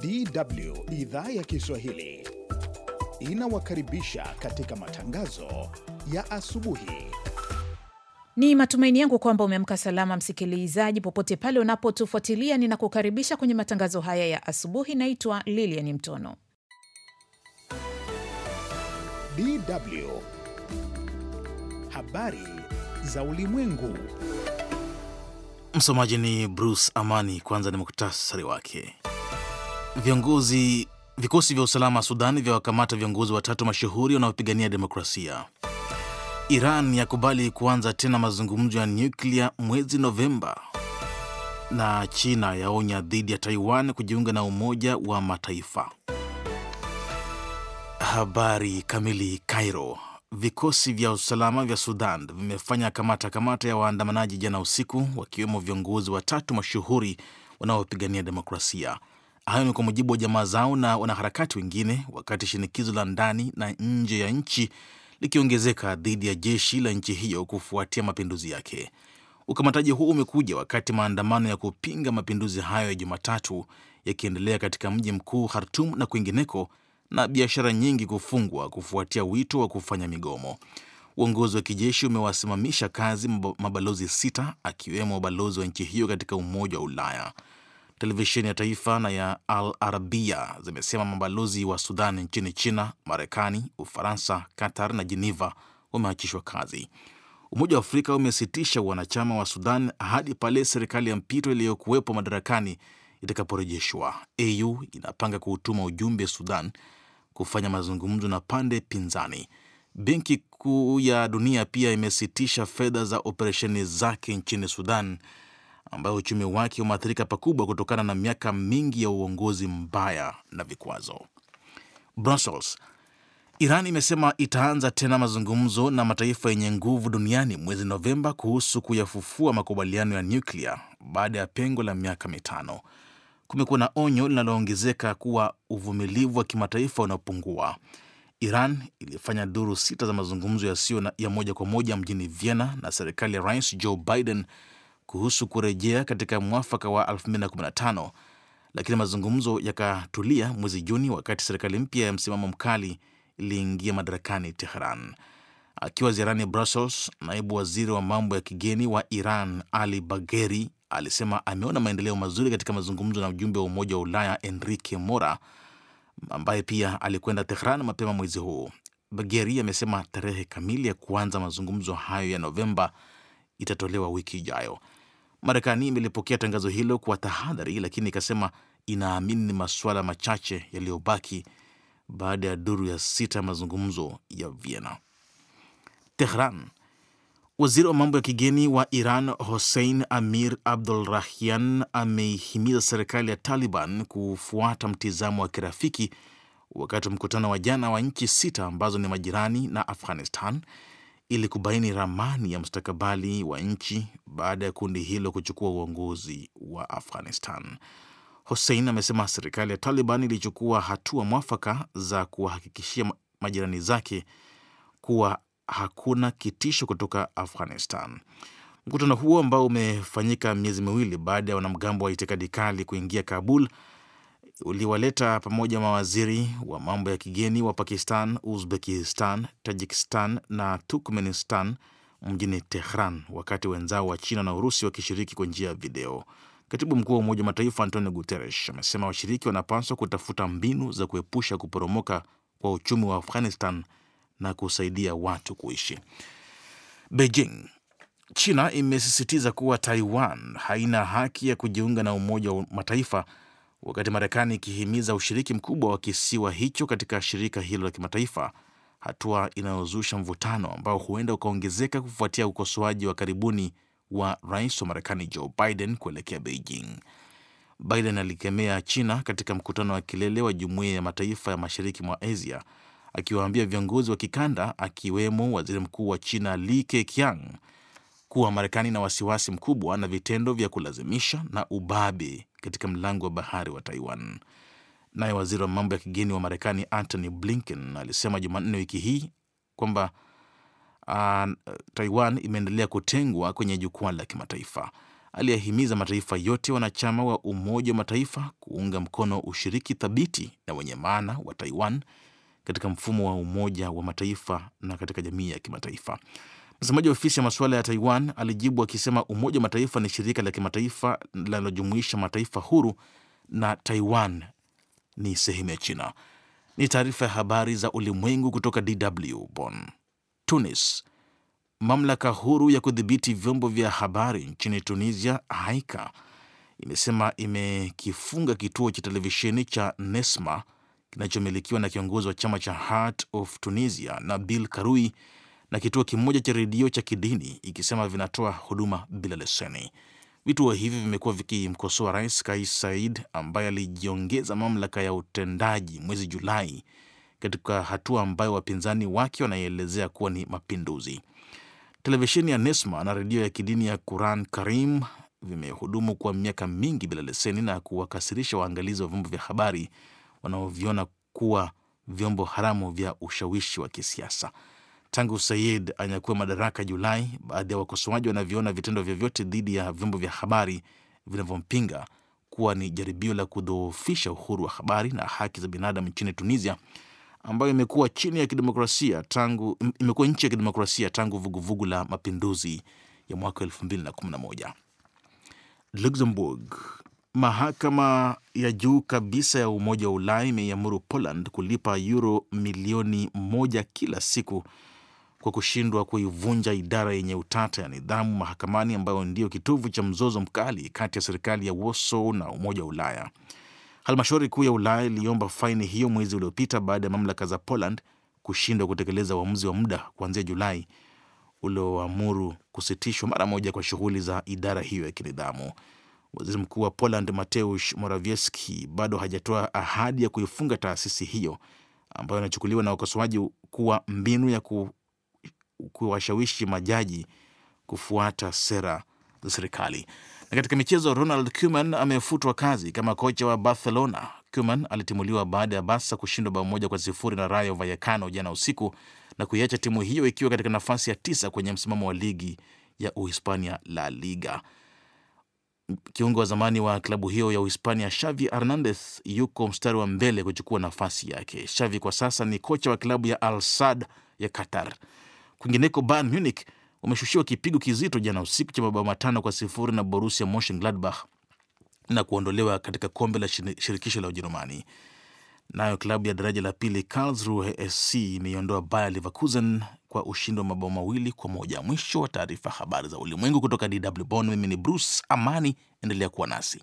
DW idhaa ya Kiswahili inawakaribisha katika matangazo ya asubuhi. Ni matumaini yangu kwamba umeamka salama, msikilizaji, popote pale unapotufuatilia. Ninakukaribisha kwenye matangazo haya ya asubuhi. Naitwa Lilian Mtono. DW habari za ulimwengu. Msomaji ni Bruce Amani. Kwanza ni muktasari wake. Viongozi vikosi vya usalama Sudan vyawakamata viongozi watatu mashuhuri wanaopigania demokrasia. Iran yakubali kuanza tena mazungumzo ya nyuklia mwezi Novemba, na China yaonya dhidi ya Taiwan kujiunga na Umoja wa Mataifa. Habari kamili. Cairo, vikosi vya usalama vya Sudan vimefanya kamata kamata ya waandamanaji jana usiku, wakiwemo viongozi watatu mashuhuri wanaopigania demokrasia. Hayo ni kwa mujibu wa jamaa zao na wanaharakati wengine, wakati shinikizo la ndani na nje ya nchi likiongezeka dhidi ya jeshi la nchi hiyo kufuatia mapinduzi yake. Ukamataji huu umekuja wakati maandamano ya kupinga mapinduzi hayo ya Jumatatu yakiendelea katika mji mkuu hartum na kwingineko, na biashara nyingi kufungwa kufuatia wito wa kufanya migomo. Uongozi wa kijeshi umewasimamisha kazi mabalozi sita akiwemo balozi wa nchi hiyo katika Umoja wa Ulaya televisheni ya taifa na ya Al Arabia zimesema mabalozi wa Sudan nchini China, Marekani, Ufaransa, Qatar na Jeneva wameachishwa kazi. Umoja wa Afrika umesitisha wanachama wa Sudan hadi pale serikali ya mpito iliyokuwepo madarakani itakaporejeshwa. AU inapanga kuutuma ujumbe Sudan kufanya mazungumzo na pande pinzani. Benki Kuu ya Dunia pia imesitisha fedha za operesheni zake nchini Sudan ambayo uchumi wake umeathirika pakubwa kutokana na miaka mingi ya uongozi mbaya na vikwazo. Brussels. Iran imesema itaanza tena mazungumzo na mataifa yenye nguvu duniani mwezi Novemba kuhusu kuyafufua makubaliano ya nyuklia baada ya pengo la miaka mitano. Kumekuwa na onyo linaloongezeka kuwa uvumilivu wa kimataifa unapungua. Iran ilifanya duru sita za mazungumzo yasiyo ya moja kwa moja mjini Vienna na serikali ya Rais Joe Biden kuhusu kurejea katika mwafaka wa 2015 lakini mazungumzo yakatulia mwezi Juni wakati serikali mpya ya msimamo mkali iliingia madarakani Tehran. Akiwa ziarani Brussels, naibu waziri wa mambo ya kigeni wa Iran Ali Bagheri alisema ameona maendeleo mazuri katika mazungumzo na mjumbe wa Umoja wa Ulaya Enrique Mora ambaye pia alikwenda Tehran mapema mwezi huu. Bagheri amesema tarehe kamili ya kuanza mazungumzo hayo ya Novemba itatolewa wiki ijayo. Marekani imelipokea tangazo hilo kwa tahadhari, lakini ikasema inaamini ni masuala machache yaliyobaki baada ya duru ya sita ya mazungumzo ya Vienna. Tehran. Waziri wa mambo ya kigeni wa Iran Hossein Amir abdul rahian ameihimiza serikali ya Taliban kufuata mtizamo wa kirafiki wakati wa mkutano wa jana wa nchi sita ambazo ni majirani na Afghanistan ili kubaini ramani ya mustakabali wa nchi baada ya kundi hilo kuchukua uongozi wa Afghanistan. Hussein amesema serikali ya Taliban ilichukua hatua mwafaka za kuwahakikishia majirani zake kuwa hakuna kitisho kutoka Afghanistan. Mkutano huo ambao umefanyika miezi miwili baada ya wanamgambo wa itikadi kali kuingia Kabul uliwaleta pamoja mawaziri wa mambo ya kigeni wa Pakistan, Uzbekistan, Tajikistan na Turkmenistan mjini Tehran, wakati wenzao wa China na Urusi wakishiriki kwa njia ya video. Katibu mkuu wa Umoja wa Mataifa Antonio Guterres amesema washiriki wanapaswa kutafuta mbinu za kuepusha kuporomoka kwa uchumi wa Afghanistan na kusaidia watu kuishi. Beijing China imesisitiza kuwa Taiwan haina haki ya kujiunga na Umoja wa Mataifa wakati Marekani ikihimiza ushiriki mkubwa wa kisiwa hicho katika shirika hilo la kimataifa, hatua inayozusha mvutano ambao huenda ukaongezeka kufuatia ukosoaji wa karibuni wa rais wa Marekani Joe Biden kuelekea Beijing. Biden alikemea China katika mkutano wa kilele wa Jumuiya ya Mataifa ya Mashariki mwa Asia, akiwaambia viongozi wa kikanda, akiwemo waziri mkuu wa China Li Keqiang kuwa marekani na wasiwasi mkubwa na vitendo vya kulazimisha na ubabe katika mlango wa bahari wa Taiwan. Naye waziri wa mambo ya kigeni wa Marekani Antony Blinken alisema Jumanne wiki hii kwamba uh, Taiwan imeendelea kutengwa kwenye jukwaa la kimataifa. Aliyahimiza mataifa yote wanachama wa Umoja wa Mataifa kuunga mkono ushiriki thabiti na wenye maana wa Taiwan katika mfumo wa Umoja wa Mataifa na katika jamii ya kimataifa. Msemaji wa ofisi ya masuala ya Taiwan alijibu akisema Umoja wa Mataifa ni shirika la kimataifa linalojumuisha mataifa huru na Taiwan ni sehemu ya China. Ni taarifa ya habari za ulimwengu kutoka DW Bonn. Tunis. Mamlaka huru ya kudhibiti vyombo vya habari nchini Tunisia, Haika, imesema imekifunga kituo cha televisheni cha Nesma kinachomilikiwa na kiongozi wa chama cha Heart of Tunisia Nabil Karoui na kituo kimoja cha redio cha kidini ikisema vinatoa huduma bila leseni. Vituo hivi vimekuwa vikimkosoa Rais Kais Saied ambaye alijiongeza mamlaka ya utendaji mwezi Julai, katika hatua ambayo wapinzani wake wanaielezea kuwa ni mapinduzi. Televisheni ya Nesma na redio ya kidini ya Quran Karim vimehudumu kwa miaka mingi bila leseni na kuwakasirisha waangalizi wa vyombo vya habari wanaoviona kuwa vyombo haramu vya ushawishi wa kisiasa. Tangu Sayid anyakua madaraka Julai, baadhi ya wakosoaji wanavyoona vitendo vyovyote dhidi ya vyombo vya habari vinavyompinga kuwa ni jaribio la kudhoofisha uhuru wa habari na haki za binadamu nchini Tunisia, ambayo imekuwa chini ya kidemokrasia tangu imekuwa nchi ya kidemokrasia tangu vuguvugu vugu la mapinduzi ya mwaka 2011. Luxembourg. Mahakama ya juu kabisa ya Umoja wa Ulaya imeiamuru Poland kulipa euro milioni moja kila siku kwa kushindwa kuivunja idara yenye utata ya nidhamu mahakamani ambayo ndiyo kitovu cha mzozo mkali kati ya serikali ya Warsaw na Umoja wa Ulaya. Halmashauri kuu ya Ulaya iliomba faini hiyo mwezi uliopita baada ya mamlaka za Poland kushindwa kutekeleza uamuzi wa muda kuanzia Julai ulioamuru kusitishwa mara moja kwa shughuli za idara hiyo ya kinidhamu. Waziri Mkuu wa Poland Mateusz Morawiecki bado hajatoa ahadi ya kuifunga taasisi hiyo ambayo inachukuliwa na wakosoaji kuwa mbinu ya ku kuwashawishi majaji kufuata sera za serikali. Na katika michezo, Ronald Koeman amefutwa kazi kama kocha wa Barcelona. Koeman alitimuliwa baada ya Barca kushindwa bao moja kwa sifuri na Rayo Vallecano jana usiku na kuiacha timu hiyo ikiwa katika nafasi ya tisa kwenye msimamo wa ligi ya Uhispania La Liga. Kiungo wa zamani wa klabu hiyo ya Uhispania Xavi Hernandez yuko mstari wa mbele kuchukua nafasi yake. Xavi kwa sasa ni kocha wa klabu ya Al Sadd ya Qatar. Kwingineko, Bayern Munich wameshushiwa kipigo kizito jana usiku cha mabao matano kwa sifuri na Borussia Monchengladbach na kuondolewa katika kombe la shirikisho la Ujerumani. Nayo klabu ya daraja la pili Karlsruhe SC imeiondoa Bayer Leverkusen kwa ushindi wa mabao mawili kwa moja. Mwisho wa taarifa. Habari za ulimwengu kutoka DW Bonn. Mimi ni Bruce Amani, endelea kuwa nasi.